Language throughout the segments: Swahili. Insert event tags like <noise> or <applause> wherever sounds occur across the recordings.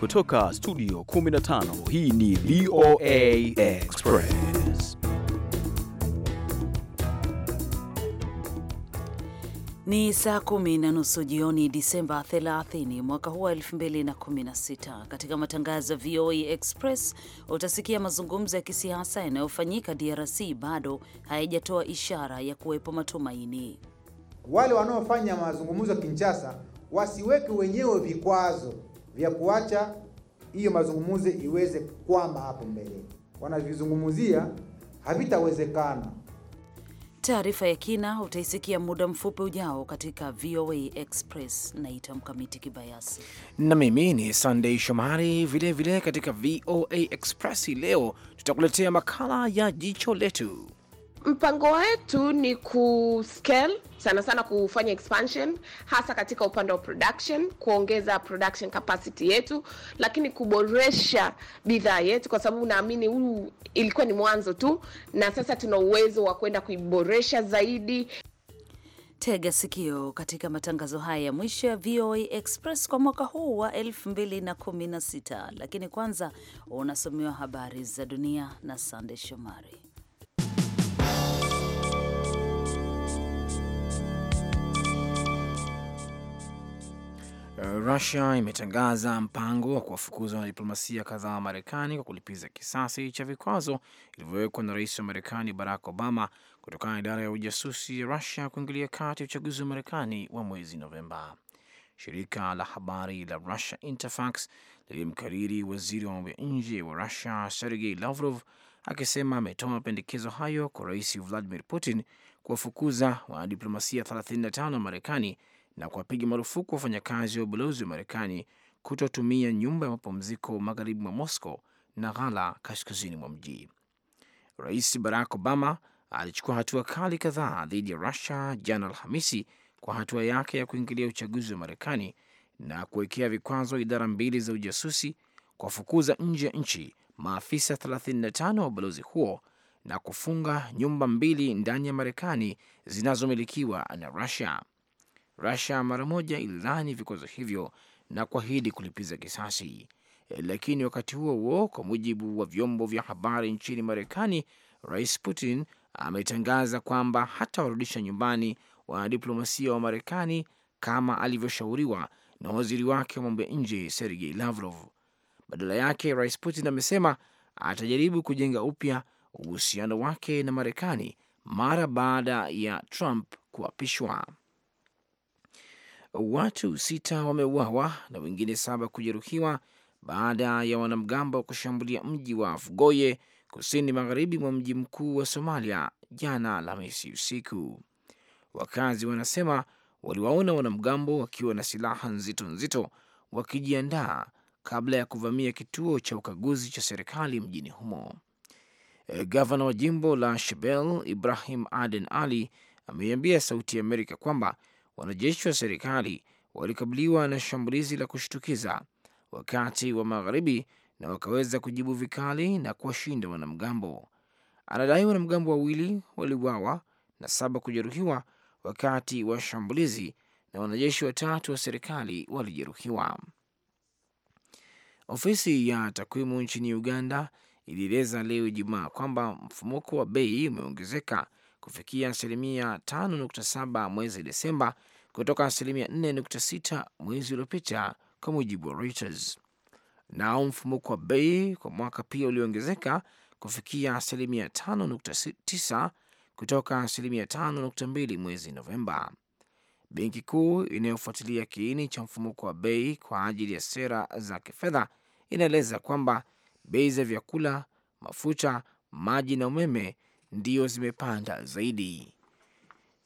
Kutoka studio 15 hii ni VOA Express. Ni saa kumi na nusu jioni Disemba 30 mwaka huu wa 2016. Katika matangazo ya VOA Express utasikia mazungumzo ya kisiasa yanayofanyika DRC bado hayajatoa ishara ya kuwepo matumaini. Wale wanaofanya mazungumzo ya Kinshasa wasiweke wenyewe vikwazo vya kuacha hiyo mazungumzo iweze kukwama hapo mbele, wanavizungumzia havitawezekana. Taarifa ya kina utaisikia muda mfupi ujao katika VOA Express. Naitwa Mkamiti Kibayasi na mimi ni Sandei Shomari. Vilevile katika VOA Express leo tutakuletea makala ya jicho letu Mpango wetu ni scale sana sana, kufanya expansion hasa katika upande wa production, kuongeza production capacity yetu, lakini kuboresha bidhaa yetu, kwa sababu naamini huu ilikuwa ni mwanzo tu, na sasa tuna uwezo wa kwenda kuiboresha zaidi. Tega sikio katika matangazo haya ya mwisho ya VOA Express kwa mwaka huu wa 2016, lakini kwanza unasomewa habari za dunia na Sande Shomari. Uh, Rusia imetangaza mpango wa kuwafukuza wanadiplomasia kadhaa wa Marekani kwa kulipiza kisasi cha vikwazo ilivyowekwa na rais wa Marekani Barack Obama kutokana na idara ya ujasusi ya Rusia kuingilia kati ya uchaguzi wa Marekani wa mwezi Novemba. Shirika la habari la Russia Interfax lilimkariri waziri wa mambo ya nje wa Russia Sergei Lavrov akisema ametoa mapendekezo hayo kwa rais Vladimir Putin kuwafukuza wanadiplomasia 35 wa Marekani na kuwapiga marufuku wafanyakazi wa ubalozi wa Marekani kutotumia nyumba ya mapumziko magharibi mwa Moscow na ghala kaskazini mwa mji. Rais Barack Obama alichukua hatua kali kadhaa dhidi ya Rusia jana Alhamisi kwa hatua yake ya kuingilia uchaguzi wa Marekani na kuwekea vikwazo idara mbili za ujasusi, kwa fukuza nje ya nchi maafisa 35 wa ubalozi huo na kufunga nyumba mbili ndani ya Marekani zinazomilikiwa na Rusia. Rusia mara moja ililani vikwazo hivyo na kuahidi kulipiza kisasi, lakini wakati huo huo, kwa mujibu wa vyombo vya habari nchini Marekani, Rais Putin ametangaza kwamba hatawarudisha nyumbani wanadiplomasia wa Marekani kama alivyoshauriwa na waziri wake wa mambo ya nje Sergei Lavrov. Badala yake, Rais Putin amesema atajaribu kujenga upya uhusiano wake na Marekani mara baada ya Trump kuapishwa. Watu sita wameuawa na wengine saba kujeruhiwa baada ya wanamgambo kushambulia mji wa Afgoye kusini magharibi mwa mji mkuu wa Somalia jana Alhamisi usiku. Wakazi wanasema waliwaona wanamgambo wakiwa na silaha nzito nzito wakijiandaa kabla ya kuvamia kituo cha ukaguzi cha serikali mjini humo. Eh, gavana wa jimbo la shebel Ibrahim Aden Ali ameiambia Sauti ya Amerika kwamba wanajeshi wa serikali walikabiliwa na shambulizi la kushtukiza wakati wa magharibi na wakaweza kujibu vikali na kuwashinda wanamgambo. Anadai wanamgambo wawili waliuawa na saba kujeruhiwa wakati wa shambulizi na wanajeshi watatu wa serikali walijeruhiwa. Ofisi ya takwimu nchini Uganda ilieleza leo Ijumaa kwamba mfumuko wa bei umeongezeka kufikia asilimia 5.7 mwezi Desemba kutoka asilimia 4.6 mwezi uliopita, kwa mujibu wa Reuters. Nao mfumuko wa bei kwa mwaka pia ulioongezeka kufikia asilimia 5.9 kutoka asilimia 5.2 mwezi Novemba. Benki Kuu inayofuatilia kiini cha mfumuko wa bei kwa ajili ya sera za kifedha inaeleza kwamba bei za vyakula, mafuta, maji na umeme ndio zimepanda zaidi.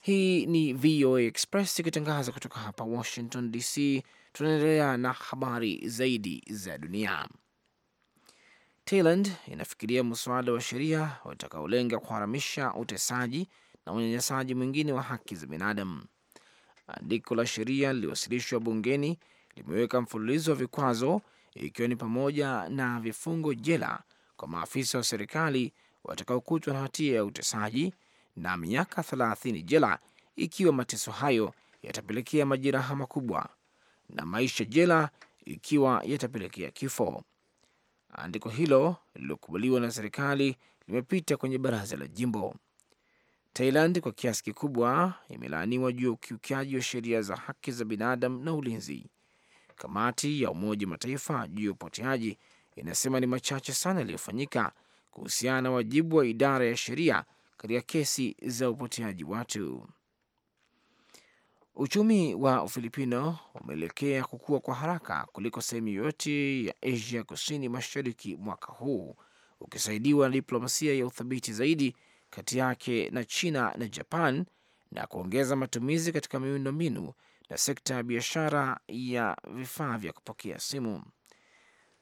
Hii ni VOA Express ikitangaza kutoka hapa Washington DC. Tunaendelea na habari zaidi za dunia. Thailand inafikiria mswada wa sheria utakaolenga kuharamisha utesaji na unyanyasaji mwingine wa haki za binadamu. Andiko la sheria liliwasilishwa bungeni limeweka mfululizo wa vikwazo, ikiwa ni pamoja na vifungo jela kwa maafisa wa serikali watakaokutwa na hatia ya utesaji na miaka 30 jela ikiwa mateso hayo yatapelekea majeraha makubwa na maisha jela ikiwa yatapelekea kifo. Andiko hilo lililokubaliwa na serikali limepita kwenye baraza la jimbo. Thailand kwa kiasi kikubwa imelaaniwa juu ya ukiukaji wa sheria za haki za binadamu na ulinzi. Kamati ya Umoja Mataifa juu ya upoteaji inasema ni machache sana yaliyofanyika kuhusiana na wajibu wa idara ya sheria katika kesi za upoteaji watu. Uchumi wa Ufilipino umeelekea kukua kwa haraka kuliko sehemu yoyote ya Asia kusini mashariki mwaka huu, ukisaidiwa na diplomasia ya uthabiti zaidi kati yake na China na Japan na kuongeza matumizi katika miundombinu na sekta ya biashara ya vifaa vya kupokea simu.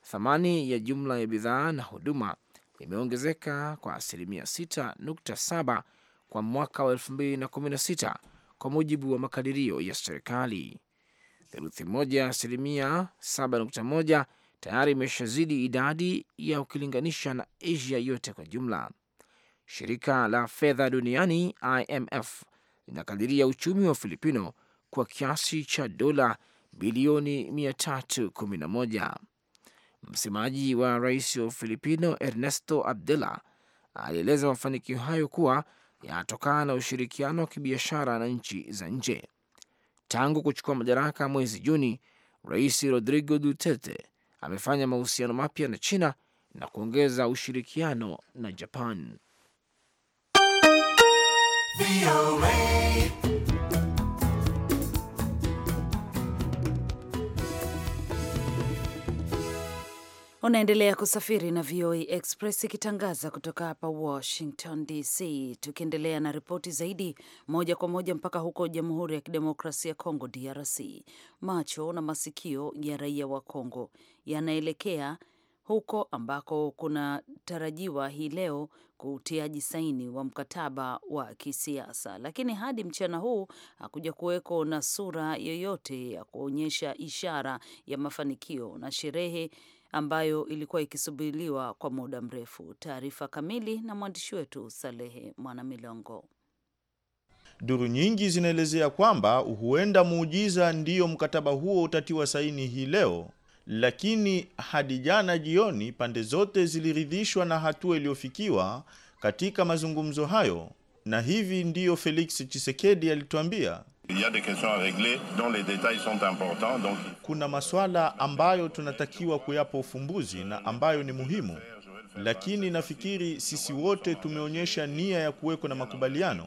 Thamani ya jumla ya bidhaa na huduma imeongezeka kwa asilimia 6.7 kwa mwaka wa 2016 kwa mujibu wa makadirio ya serikali. Theluthi moja asilimia 7.1 tayari imeshazidi idadi ya ukilinganisha na Asia yote kwa jumla. Shirika la fedha duniani IMF linakadiria uchumi wa Filipino kwa kiasi cha dola bilioni 311. Msemaji wa rais wa Ufilipino Ernesto abdela alieleza mafanikio hayo kuwa yanatokana na ushirikiano wa kibiashara na nchi za nje. Tangu kuchukua madaraka mwezi Juni, Rais Rodrigo Duterte amefanya mahusiano mapya na China na kuongeza ushirikiano na Japan. Unaendelea kusafiri na VOA e Express ikitangaza kutoka hapa Washington DC, tukiendelea na ripoti zaidi moja kwa moja mpaka huko Jamhuri ya Kidemokrasia ya Kongo, DRC. Macho na masikio ya raia wa Kongo yanaelekea huko ambako kunatarajiwa hii leo kutiaji saini wa mkataba wa kisiasa, lakini hadi mchana huu hakuja kuweko na sura yoyote ya kuonyesha ishara ya mafanikio na sherehe ambayo ilikuwa ikisubiriwa kwa muda mrefu. Taarifa kamili na mwandishi wetu Salehe Mwanamilongo. Duru nyingi zinaelezea kwamba huenda muujiza ndiyo mkataba huo utatiwa saini hii leo, lakini hadi jana jioni pande zote ziliridhishwa na hatua iliyofikiwa katika mazungumzo hayo, na hivi ndiyo Felix chisekedi alituambia Il y a des questions à régler dont les détails sont importants donc... Kuna masuala ambayo tunatakiwa kuyapa ufumbuzi na ambayo ni muhimu, lakini nafikiri sisi wote tumeonyesha nia ya kuweko na makubaliano.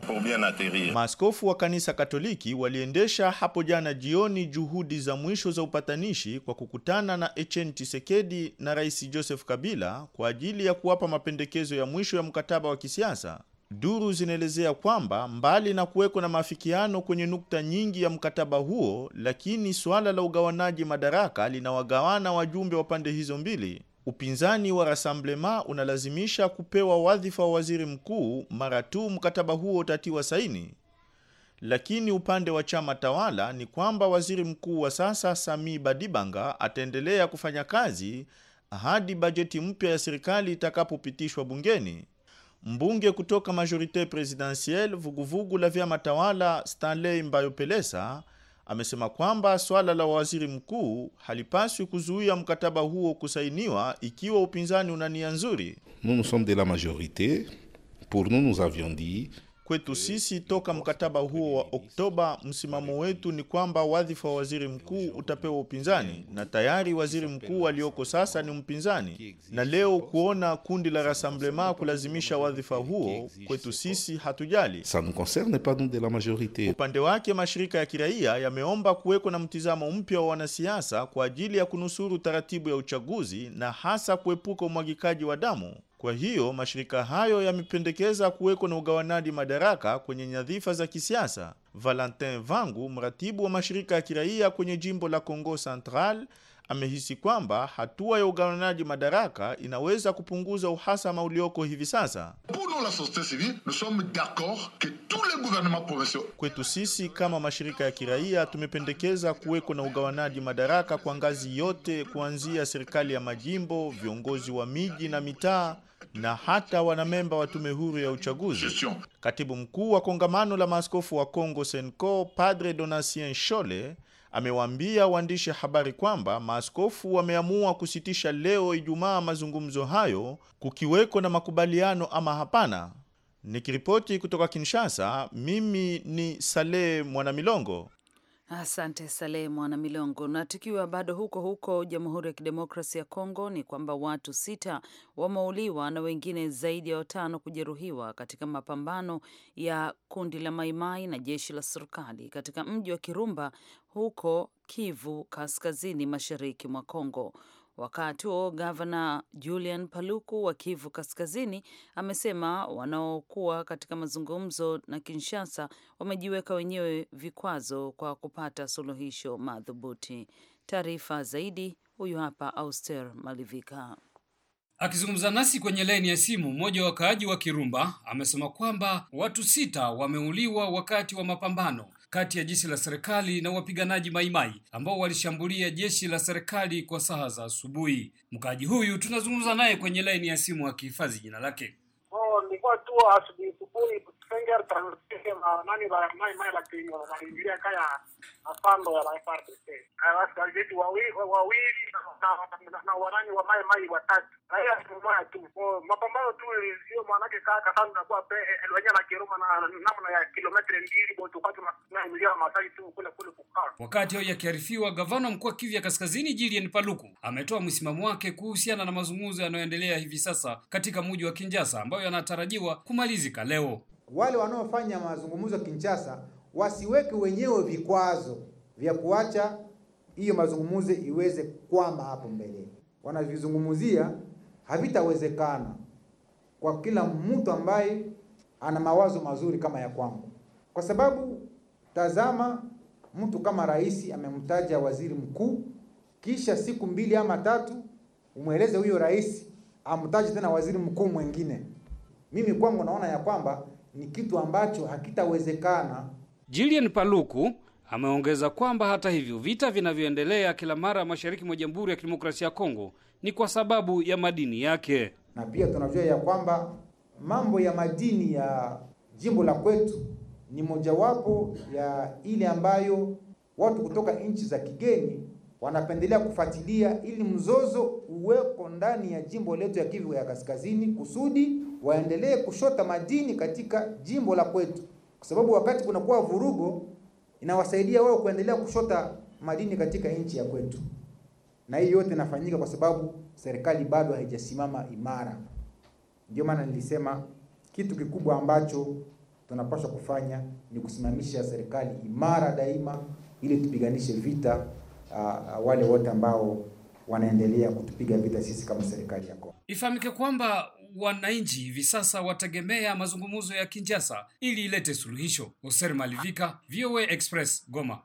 Maaskofu wa kanisa Katoliki waliendesha hapo jana jioni juhudi za mwisho za upatanishi kwa kukutana na Etienne Tshisekedi na Rais Joseph Kabila kwa ajili ya kuwapa mapendekezo ya mwisho ya mkataba wa kisiasa Duru zinaelezea kwamba mbali na kuweko na maafikiano kwenye nukta nyingi ya mkataba huo, lakini suala la ugawanaji madaraka linawagawana wajumbe wa pande hizo mbili. Upinzani wa Rassemblement unalazimisha kupewa wadhifa wa waziri mkuu mara tu mkataba huo utatiwa saini, lakini upande wa chama tawala ni kwamba waziri mkuu wa sasa Sami Badibanga ataendelea kufanya kazi hadi bajeti mpya ya serikali itakapopitishwa bungeni. Mbunge kutoka majorite presidentielle vuguvugu la vyama tawala Stanley Mbayopelesa amesema kwamba swala la waziri mkuu halipaswi kuzuia mkataba huo kusainiwa ikiwa upinzani una nia nzuri. Nous nous sommes de la Pour nous nous avions dit Kwetu sisi toka mkataba huo wa Oktoba, msimamo wetu ni kwamba wadhifa wa waziri mkuu utapewa upinzani, na tayari waziri mkuu aliyoko sasa ni mpinzani. Na leo kuona kundi la Rassemblement kulazimisha wadhifa huo, kwetu sisi hatujali. Upande wake mashirika ya kiraia yameomba kuweko na mtizamo mpya wa wanasiasa kwa ajili ya kunusuru taratibu ya uchaguzi na hasa kuepuka umwagikaji wa damu. Kwa hiyo mashirika hayo yamependekeza kuweko na ugawanaji madaraka kwenye nyadhifa za kisiasa. Valentin Vangu, mratibu wa mashirika ya kiraia kwenye jimbo la Kongo Central, amehisi kwamba hatua ya ugawanaji madaraka inaweza kupunguza uhasama ulioko hivi sasa. Kwetu sisi kama mashirika ya kiraia tumependekeza kuweko na ugawanaji madaraka kwa ngazi yote, kuanzia serikali ya majimbo, viongozi wa miji na mitaa na hata wanamemba wa tume huru ya uchaguzi. Katibu mkuu wa kongamano la maaskofu wa congo senco Padre Donatien Shole amewaambia waandishi habari kwamba maaskofu wameamua kusitisha leo Ijumaa mazungumzo hayo, kukiweko na makubaliano ama hapana. Nikiripoti kutoka Kinshasa, mimi ni Saleh Mwanamilongo. Asante Saleh Mwana Milongo. Na tukiwa bado huko huko Jamhuri ya Kidemokrasi ya Kongo, ni kwamba watu sita wameuliwa na wengine zaidi ya watano kujeruhiwa katika mapambano ya kundi la Maimai na jeshi la serikali katika mji wa Kirumba huko Kivu Kaskazini, mashariki mwa Kongo. Wakati huo gavana Julian Paluku wa Kivu Kaskazini amesema wanaokuwa katika mazungumzo na Kinshasa wamejiweka wenyewe vikwazo kwa kupata suluhisho madhubuti. Taarifa zaidi huyu hapa Auster Malivika. Akizungumza nasi kwenye laini ya simu, mmoja wa wakaaji wa Kirumba amesema kwamba watu sita wameuliwa wakati wa mapambano kati ya jeshi la serikali na wapiganaji Maimai ambao walishambulia jeshi la serikali kwa saa za asubuhi. Mkaaji huyu tunazungumza naye kwenye laini ya simu akihifadhi jina lake. Oh, nilikuwa tu asubuhi asubuhi kaya afando ya Leopards State. Wachezaji wawili wawili na warani wa Mai Mai watatu. Raia mmoja tu. Oh, mapambano tu sio mwanake kaka sana kwa pe elwanya eh, eh, na kiroma na namna ya kilomita mbili boto kwa na ya masai tu kule kule kukaa. Wakati hoja yakiarifiwa, gavana mkuu wa Kivu ya Kaskazini Julian Paluku ametoa msimamo wake kuhusiana na mazungumzo yanayoendelea hivi sasa katika mji wa Kinshasa ambayo yanatarajiwa kumalizika leo. Wale wanaofanya mazungumzo Kinshasa wasiweke wenyewe vikwazo vya kuacha hiyo mazungumzo iweze kwama hapo mbele. Wanavizungumzia havitawezekana kwa kila mtu ambaye ana mawazo mazuri kama ya kwangu, kwa sababu tazama, mtu kama rais amemtaja waziri mkuu, kisha siku mbili ama tatu umweleze huyo rais amtaje tena waziri mkuu mwingine. Mimi kwangu naona ya kwamba ni kitu ambacho hakitawezekana. Julian Paluku ameongeza kwamba hata hivyo vita vinavyoendelea kila mara mashariki mwa Jamhuri ya Kidemokrasia ya Kongo ni kwa sababu ya madini yake, na pia tunajua ya kwamba mambo ya madini ya jimbo la kwetu ni mojawapo ya ile ambayo watu kutoka nchi za kigeni wanapendelea kufuatilia ili mzozo uweko ndani ya jimbo letu ya Kivu ya Kaskazini kusudi waendelee kushota madini katika jimbo la kwetu kwa sababu wakati kunakuwa vurugo inawasaidia wao kuendelea kushota madini katika nchi ya kwetu, na hii yote inafanyika kwa sababu serikali bado haijasimama imara. Ndio maana nilisema kitu kikubwa ambacho tunapaswa kufanya ni kusimamisha serikali imara daima, ili tupiganishe vita uh, wale wote ambao wanaendelea kutupiga vita sisi kama serikali ya Kongo. Ifahamike kwamba wananchi hivi sasa wategemea mazungumzo ya kinjasa ili ilete suluhisho. Hoser Malivika, VOA Express, Goma.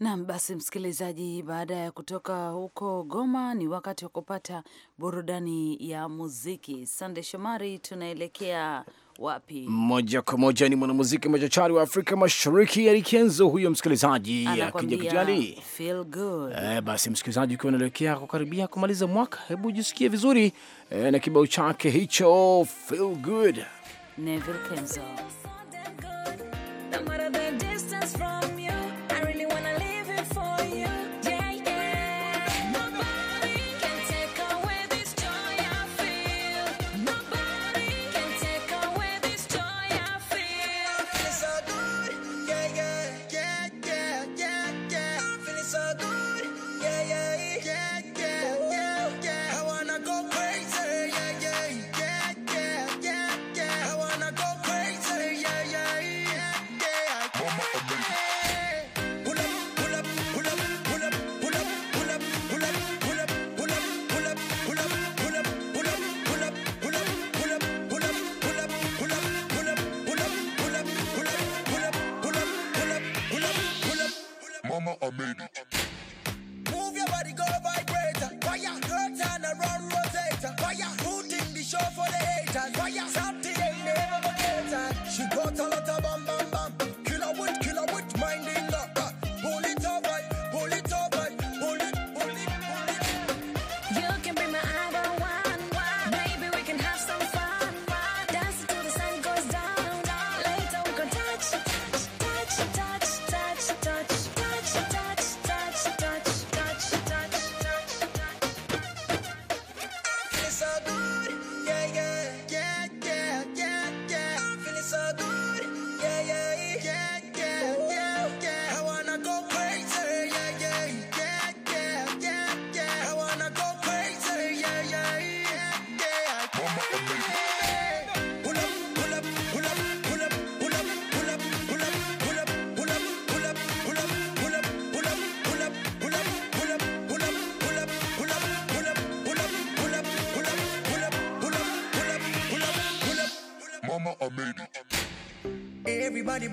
Nam, basi msikilizaji, baada ya kutoka huko Goma ni wakati wa kupata burudani ya muziki. Sande Shomari, tunaelekea wapi? Moja kwa moja ni mwanamuziki machachari wa Afrika Mashariki Ari Kenzo huyo, msikilizaji akija kujali feel good. E, basi msikilizaji, ukiwa unaelekea kukaribia kumaliza mwaka, hebu jisikie vizuri e, na kibao chake hicho feel good Neville Kenzo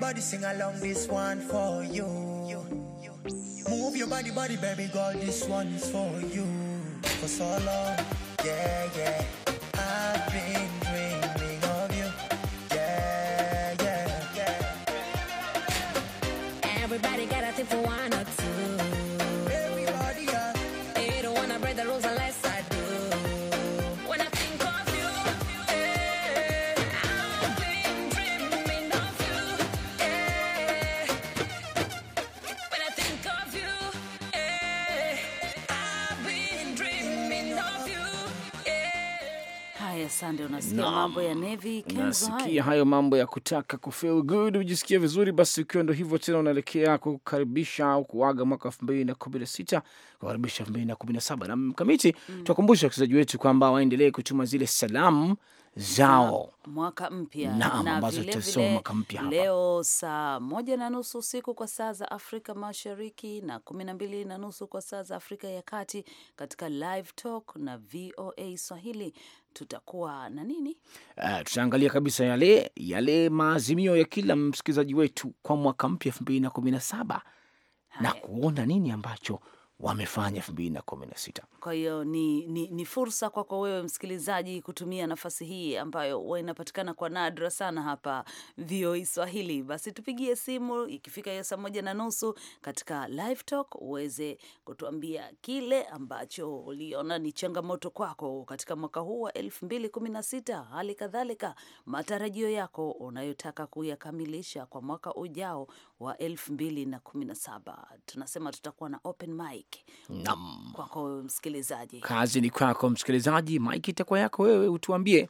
body, sing along this one for you. Move your body, body, baby girl, this one is for you. For so long, yeah, yeah. I've been dreaming of you, yeah, yeah, yeah. Everybody got a tip for one or two. Everybody, yeah. They don't wanna break the rules Sande, unasikia mambo ya nevi, unasikia hayo mambo ya kutaka kufeel good, ujisikia vizuri. Basi ukiwa ndo hivyo tena, unaelekea kukaribisha au kuaga mwaka elfu mbili na kumi na sita kukaribisha elfu mbili na kumi na saba na mkamiti mm. Tuwakumbusha wachezaji wetu kwamba waendelee kutuma zile salamu zao mwaka mpya ambazo tutasoma mwaka mpya hapa leo saa moja na nusu usiku kwa saa za Afrika Mashariki na kumi na mbili na nusu kwa saa za Afrika ya Kati katika Live Talk na VOA Swahili tutakuwa na nini? Uh, tutaangalia kabisa yale yale maazimio ya kila msikilizaji wetu kwa mwaka mpya elfu mbili na kumi na saba na kuona nini ambacho wamefanya elfu mbili na kumi na sita. Kwa hiyo ni, ni, ni fursa kwako wewe msikilizaji kutumia nafasi hii ambayo inapatikana kwa nadra sana hapa VOA e Swahili. Basi tupigie simu ikifika hiyo saa moja na nusu katika live talk, uweze kutuambia kile ambacho uliona ni changamoto kwako katika mwaka huu wa elfu mbili kumi na sita, hali kadhalika matarajio yako unayotaka kuyakamilisha kwa mwaka ujao wa 2017. Tunasema tutakuwa na open mic. kwako msikilizaji, kazi ni kwako msikilizaji. mic itakuwa yako wewe, utuambie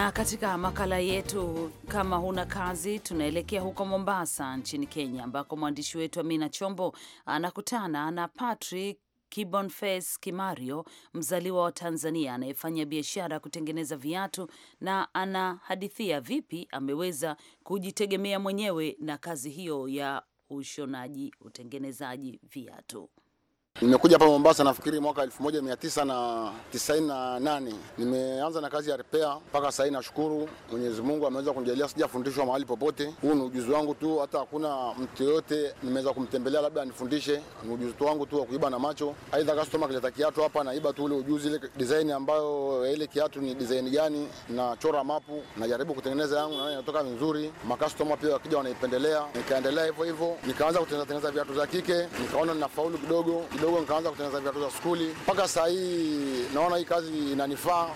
Na katika makala yetu kama huna kazi, tunaelekea huko Mombasa nchini Kenya, ambako mwandishi wetu Amina Chombo anakutana na Patrick Kibonface Kimario, mzaliwa wa Tanzania anayefanya biashara ya kutengeneza viatu, na anahadithia vipi ameweza kujitegemea mwenyewe na kazi hiyo ya ushonaji, utengenezaji viatu. Nimekuja hapa Mombasa nafikiri mwaka 1998. Nimeanza na kazi ya repair mpaka sasa hivi, nashukuru Mwenyezi Mungu ameweza kunijalia, sijafundishwa mahali popote. Huu ni ujuzi wangu tu, hata hakuna mtu yoyote nimeweza kumtembelea labda anifundishe. Ni ujuzi tu wangu tu wa kuiba na macho. Aidha, customer akileta kiatu hapa naiba tu ule ujuzi, ile design ambayo ile kiatu ni design gani, na chora mapu, najaribu kutengeneza yangu na inatoka vizuri. Ma customer pia wakija wanaipendelea, nikaendelea hivyo hivyo, nikaanza kutengeneza viatu za kike, nikaona ninafaulu kidogo kidogo nikaanza kutengeneza viatu za skuli. Mpaka saa hii naona hii kazi inanifaa,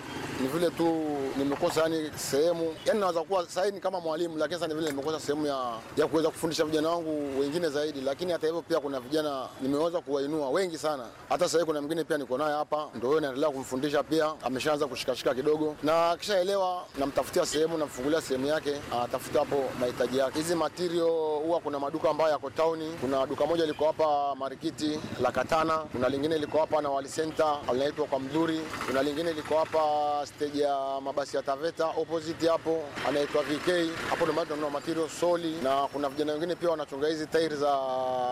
ni vile tu nimekosa yani sehemu, yani naweza kuwa saa hii ni kama mwalimu, lakini sasa ni vile nimekosa sehemu ya, ya kuweza kufundisha vijana wangu wengine zaidi. Lakini hata hivyo pia kuna vijana nimeweza kuwainua wengi sana, hata sasa hii kuna mwingine pia niko naye hapa, ndio huyo naendelea kumfundisha pia, ameshaanza kushikashika kidogo, na kishaelewa, namtafutia sehemu, namfungulia sehemu yake, atafuta hapo mahitaji yake. Hizi material huwa kuna maduka ambayo yako tauni, kuna duka moja liko hapa marikiti la kata Katana, kuna lingine liko hapa na Wali Center linaitwa kwa Mdhuri, kuna lingine liko hapa stage ya mabasi ya Taveta opposite hapo anaitwa VK. Hapo ndio tunanunua material soli, na kuna vijana wengine pia wanachonga hizi tairi za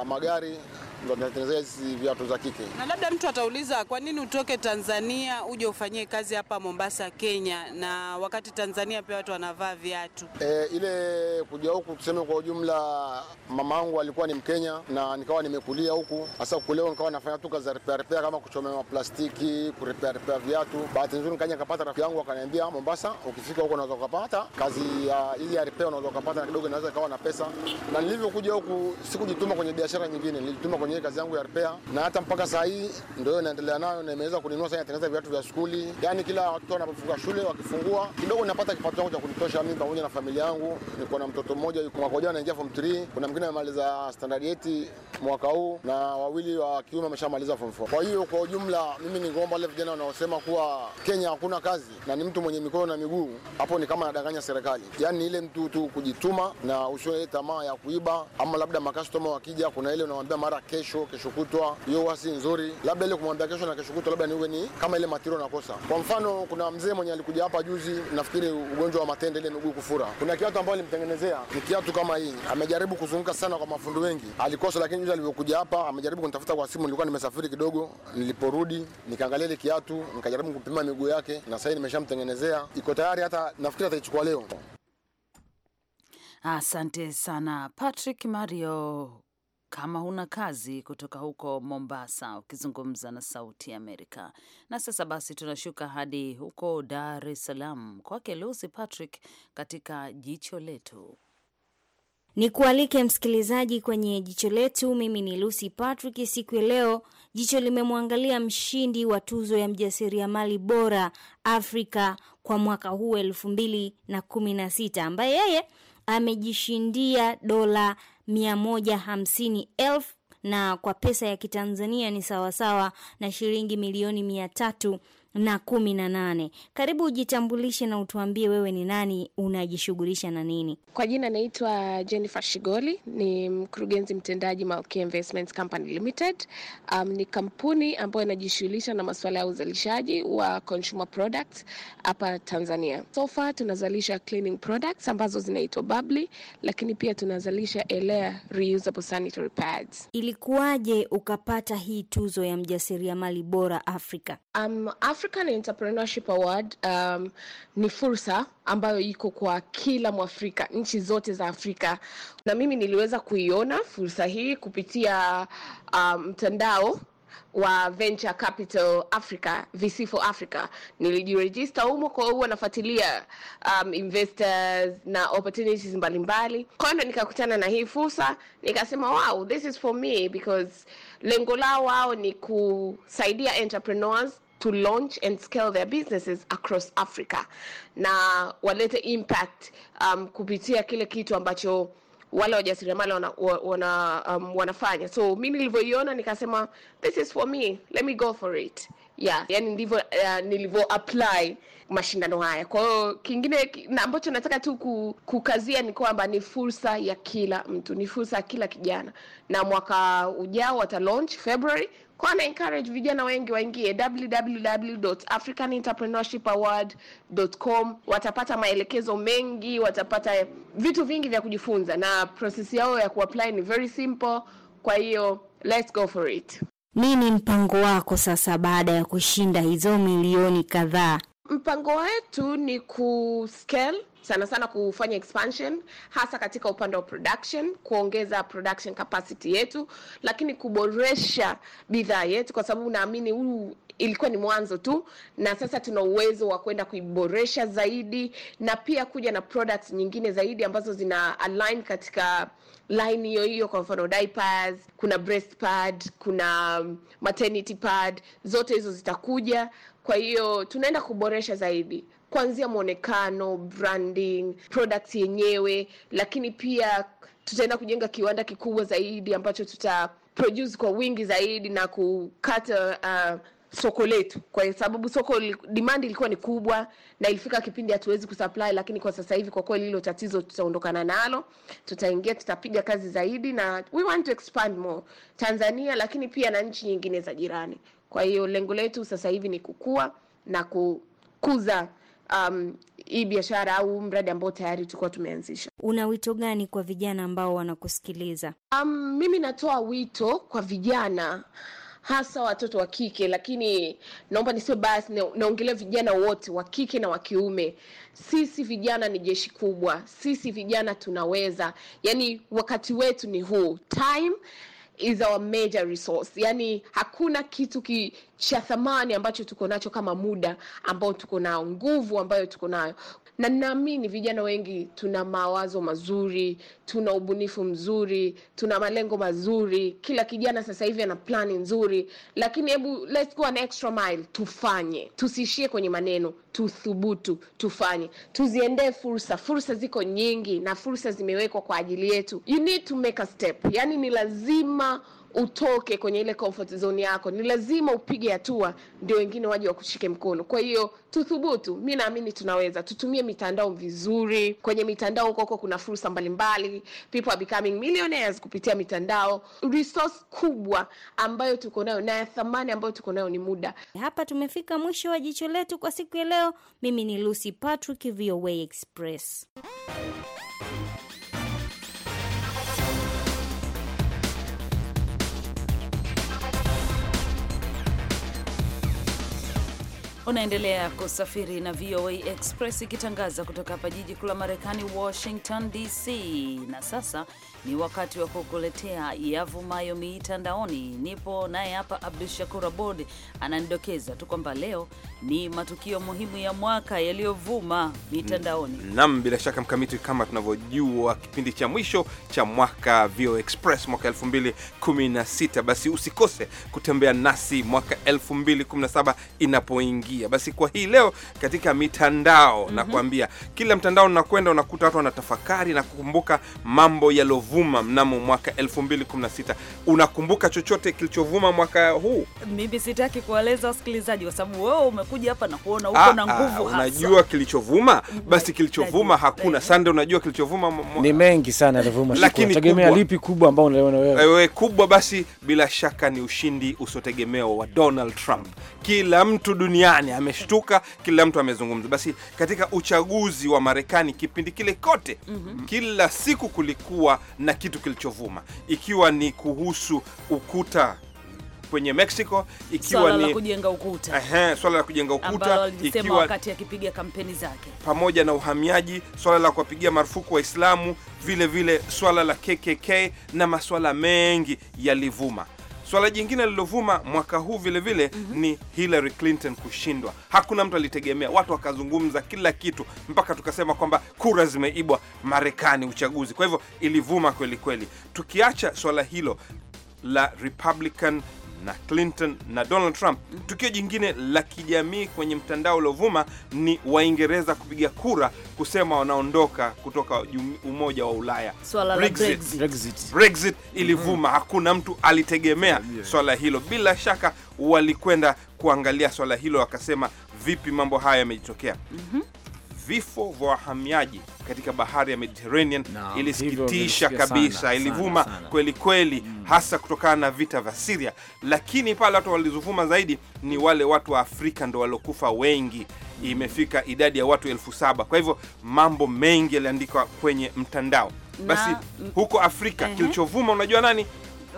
magari ndio tunatengeneza hizi viatu za kike. Na labda mtu atauliza kwa nini utoke Tanzania uje ufanyie kazi hapa Mombasa, Kenya, na wakati Tanzania pia watu wanavaa viatu e, ile kuja huku tuseme kwa ujumla, mama yangu alikuwa ni Mkenya na nikawa nimekulia huku hasa kuleo nikawa nafanya tu kazi za repair repair, kama kuchomea plastiki, ku repair repair viatu. Bahati nzuri nikaja nikapata rafiki yangu akaniambia, Mombasa ukifika huko unaweza kupata kazi ya hii ya repair, unaweza kupata na kidogo inaweza ikawa na pesa. Na nilivyokuja huku sikujituma kwenye biashara nyingine, nilijituma kwenye kazi yangu ya repair, na hata mpaka saa hii ndio naendelea nayo na imeweza kuninua sasa, natengeneza viatu vya skuli. Yani kila watoto wanapofunga shule wakifungua kidogo, napata kipato changu cha kunitosha mimi pamoja na familia yangu. Niko na mtoto mmoja yuko mwaka anaingia form 3, kuna mwingine amemaliza standard 8 mwaka huu na wawili wa kiume wengine ameshamaliza form 4. Kwa hiyo kwa ujumla, mimi ningeomba wale vijana wanaosema kuwa Kenya hakuna kazi na ni mtu mwenye mikono na miguu, hapo ni kama anadanganya serikali. Yaani ile mtu tu kujituma na usiwe tamaa ya kuiba, ama labda makastoma wakija, kuna ile unamwambia mara kesho, kesho kutwa, hiyo wasi nzuri, labda ile kumwambia kesho na kesho kutwa, labda niwe ni kama ile matiro nakosa. Kwa mfano, kuna mzee mwenye alikuja hapa juzi, nafikiri ugonjwa wa matende, ile miguu kufura, kuna kiatu ambayo alimtengenezea ni kiatu kama hii. Amejaribu kuzunguka sana kwa mafundi wengi, alikosa, lakini juzi alivyokuja hapa amejaribu kunitafuta kwa simu nilikuwa nimesafiri kidogo, niliporudi nikaangalia ile kiatu, nikajaribu kupima miguu yake, na sasa nimeshamtengenezea, iko tayari, hata nafikiri ataichukua leo. Asante sana Patrick Mario kama huna kazi kutoka huko Mombasa, ukizungumza na Sauti ya Amerika. Na sasa basi, tunashuka hadi huko Dar es Salaam kwake Lucy Patrick katika jicho letu. Ni kualike msikilizaji kwenye jicho letu. Mimi ni Lucy Patrick. Siku ya leo jicho limemwangalia mshindi wa tuzo ya mjasiriamali bora Afrika kwa mwaka huu elfu mbili na kumi na sita ambaye yeye amejishindia dola mia moja hamsini elfu na kwa pesa ya Kitanzania ni sawasawa na shilingi milioni mia tatu na kumi na nane. Karibu ujitambulishe na utuambie wewe ni nani, unajishughulisha na nini? Kwa jina naitwa Jennifer Shigoli, ni mkurugenzi mtendaji Malkia Investments Company Limited. Um, ni kampuni ambayo inajishughulisha na masuala ya uzalishaji wa consumer products hapa Tanzania. So far tunazalisha cleaning products ambazo zinaitwa Bubbly, lakini pia tunazalisha Elea reusable sanitary pads. Ilikuwaje ukapata hii tuzo ya mjasiriamali bora Afrika? Um, Afrika African Entrepreneurship Award um, ni fursa ambayo iko kwa kila Mwafrika, nchi zote za Afrika, na mimi niliweza kuiona fursa hii kupitia um, mtandao um, wa Venture Capital Africa, VC for Africa. Nilijirejista humo, kwa hiyo nafuatilia um, investors na opportunities mbalimbali. Kwa hiyo nikakutana na hii fursa, nikasema wow, this is for me because lengo lao wao ni kusaidia entrepreneurs to launch and scale their businesses across Africa na walete impact um, kupitia kile kitu ambacho wale wajasiriamali wana, wana, um, wanafanya. So mimi nilivyoiona nikasema this is for me, let me go for it. Yeah, yani ndivyo uh, nilivyo apply mashindano haya. Kwa kingine na ambacho nataka tu kukazia ni kwamba ni fursa ya kila mtu, ni fursa ya kila kijana, na mwaka ujao wata launch February kwa na encourage vijana wengi waingie www.africanentrepreneurshipaward.com. Watapata maelekezo mengi, watapata vitu vingi vya kujifunza, na process yao ya kuapply ni very simple. Kwa hiyo let's go for it. Nini mpango wako sasa baada ya kushinda hizo milioni kadhaa? Mpango wetu ni ku scale sana sana kufanya expansion hasa katika upande wa production, kuongeza production capacity yetu, lakini kuboresha bidhaa yetu, kwa sababu naamini huu ilikuwa ni mwanzo tu, na sasa tuna uwezo wa kwenda kuiboresha zaidi na pia kuja na products nyingine zaidi ambazo zina align katika line hiyo hiyo. Kwa mfano diapers, kuna breast pad, kuna maternity pad, zote hizo zitakuja. Kwa hiyo tunaenda kuboresha zaidi kuanzia mwonekano, branding, product yenyewe, lakini pia tutaenda kujenga kiwanda kikubwa zaidi ambacho tuta produce kwa wingi zaidi na kukata uh, soko letu kwa sababu soko demand ilikuwa ni kubwa na ilifika kipindi hatuwezi kusupply, lakini kwa sasa hivi kwa kweli hilo tatizo tutaondokana nalo, tutaingia, tutapiga kazi zaidi na we want to expand more Tanzania, lakini pia na nchi nyingine za jirani. Kwa hiyo lengo letu sasa hivi ni kukua na kukuza um, hii biashara au mradi ambao tayari tulikuwa tumeanzisha. Una wito gani kwa vijana ambao wanakusikiliza? Um, mimi natoa wito kwa vijana hasa watoto wa kike, lakini naomba nisiwe basi naongelea vijana wote wa kike na wa kiume. Sisi vijana ni jeshi kubwa, sisi vijana tunaweza. Yani wakati wetu ni huu time is our major resource. Yani hakuna kitu ki, cha thamani ambacho tuko nacho kama muda ambao tuko nao, nguvu ambayo tuko nayo na ninaamini vijana wengi tuna mawazo mazuri, tuna ubunifu mzuri, tuna malengo mazuri. Kila kijana sasa hivi ana plani nzuri, lakini hebu let's go an extra mile, tufanye, tusiishie kwenye maneno, tuthubutu, tufanye, tuziendee fursa. Fursa ziko nyingi na fursa zimewekwa kwa ajili yetu. You need to make a step, yani ni lazima utoke kwenye ile comfort zone yako, ni lazima upige hatua ndio wengine waje wakushike mkono. Kwa hiyo tuthubutu, mi naamini tunaweza. Tutumie mitandao vizuri, kwenye mitandao huko kuna fursa mbalimbali, people are becoming millionaires kupitia mitandao. Resource kubwa ambayo tuko nayo na ya thamani ambayo tuko nayo ni muda. Hapa tumefika mwisho wa jicho letu kwa siku ya leo. Mimi ni Lucy Patrick, VOA Express. Unaendelea kusafiri na VOA Express ikitangaza kutoka hapa jiji kuu la Marekani, Washington DC. Na sasa ni wakati wa kukuletea yavumayo mitandaoni. Nipo naye hapa Abdu Shakur Abod ananidokeza tu kwamba leo ni matukio muhimu ya mwaka yaliyovuma mitandaoni. Mm, naam, bila shaka Mkamiti, kama tunavyojua kipindi cha mwisho cha mwaka Vio Express mwaka 2016, basi usikose kutembea nasi mwaka 2017 inapoingia. Basi kwa hii leo katika mitandao mm -hmm. Nakwambia kila mtandao nakwenda unakuta watu wanatafakari na kukumbuka mambo yalo kilichovuma mnamo mwaka 2016. Unakumbuka chochote kilichovuma mwaka huu? Mimi sitaki kueleza wasikilizaji, kwa sababu wewe umekuja hapa na kuona uko ah, na nguvu ah, hasa. Unajua kilichovuma? Basi kilichovuma hakuna. Sande, unajua kilichovuma ni mengi sana yalovuma, lakini tegemea lipi kubwa ambao unaliona wewe? Wewe kubwa, basi bila shaka ni ushindi usiotegemewa wa Donald Trump. Kila mtu duniani ameshtuka, kila mtu amezungumza. Basi katika uchaguzi wa Marekani kipindi kile kote, mm -hmm. kila siku kulikuwa na kitu kilichovuma, ikiwa ni kuhusu ukuta kwenye Mexico, ikiwa ni la kujenga swala la kujenga ukuta ikiwa wakati akipiga kampeni zake, pamoja na uhamiaji, swala la kuwapigia marufuku Waislamu, vile vile swala la KKK na maswala mengi yalivuma. Swala jingine lilovuma mwaka huu vile vile mm -hmm. ni Hillary Clinton kushindwa. Hakuna mtu alitegemea, watu wakazungumza kila kitu mpaka tukasema kwamba kura zimeibwa Marekani uchaguzi. Kwa hivyo ilivuma kweli kweli. Tukiacha swala hilo la Republican na Clinton na Donald Trump. Tukio jingine la kijamii kwenye mtandao uliovuma ni Waingereza kupiga kura kusema wanaondoka kutoka Umoja wa Ulaya. Swala Brexit. Brexit. Brexit. ilivuma. mm -hmm. Hakuna mtu alitegemea swala hilo, bila shaka walikwenda kuangalia swala hilo, wakasema vipi mambo haya yamejitokea? mm -hmm vifo vya wahamiaji katika bahari ya Mediterranean no, ilisikitisha kabisa sana, ilivuma sana, sana, kweli kweli mm, hasa kutokana na vita vya Syria, lakini pale watu walizovuma zaidi ni wale watu wa Afrika ndo waliokufa wengi mm, imefika idadi ya watu elfu saba. Kwa hivyo mambo mengi yaliandikwa kwenye mtandao na, basi huko Afrika uh -huh, kilichovuma unajua nani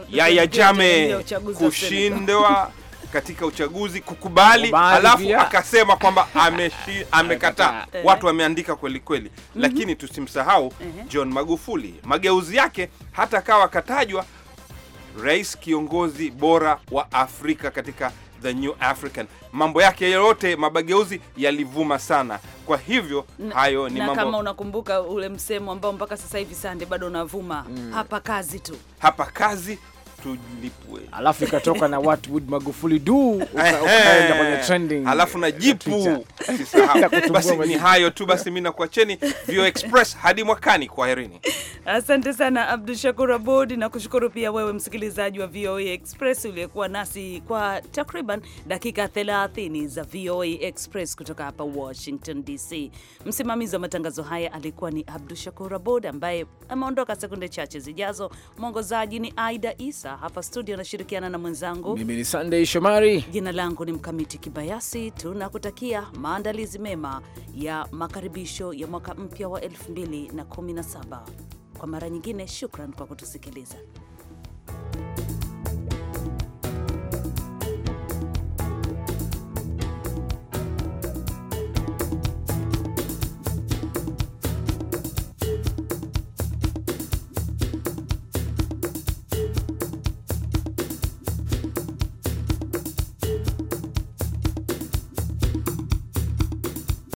Yaya Jame kushindwa katika uchaguzi kukubali, halafu akasema kwamba <laughs> amekataa. ame eh. Watu wameandika kweli kweli, mm -hmm. Lakini tusimsahau mm -hmm. John Magufuli, mageuzi yake hata akawa akatajwa rais kiongozi bora wa Afrika katika The New African. Mambo yake yote mabageuzi yalivuma sana. Kwa hivyo na, hayo ni na mambo... kama unakumbuka ule msemo ambao mpaka sasa hivi sande bado unavuma mm. Hapa kazi tu, hapa kazi tulipwe, alafu ikatoka na what Magufuli do, <laughs> ukaenda kwenye trending, alafu na jipu Basi ni hayo tu, basi mi nakuacheni Vio Express hadi mwakani, kwaherini. Asante sana Abdu Shakur Abud, na kushukuru pia wewe msikilizaji wa VOA Express uliyekuwa nasi kwa takriban dakika 30 za VOA Express kutoka hapa Washington DC. Msimamizi wa matangazo haya alikuwa ni Abdu Shakur Abud ambaye ameondoka sekunde chache zijazo. Mwongozaji ni Aida Isa, hapa studio anashirikiana na mwenzangu mimi ni Sunday Shomari, jina langu ni Mkamiti Kibayasi. Tunakutakia maandalizi mema ya makaribisho ya mwaka mpya wa 2017 kwa mara nyingine, shukran kwa kutusikiliza.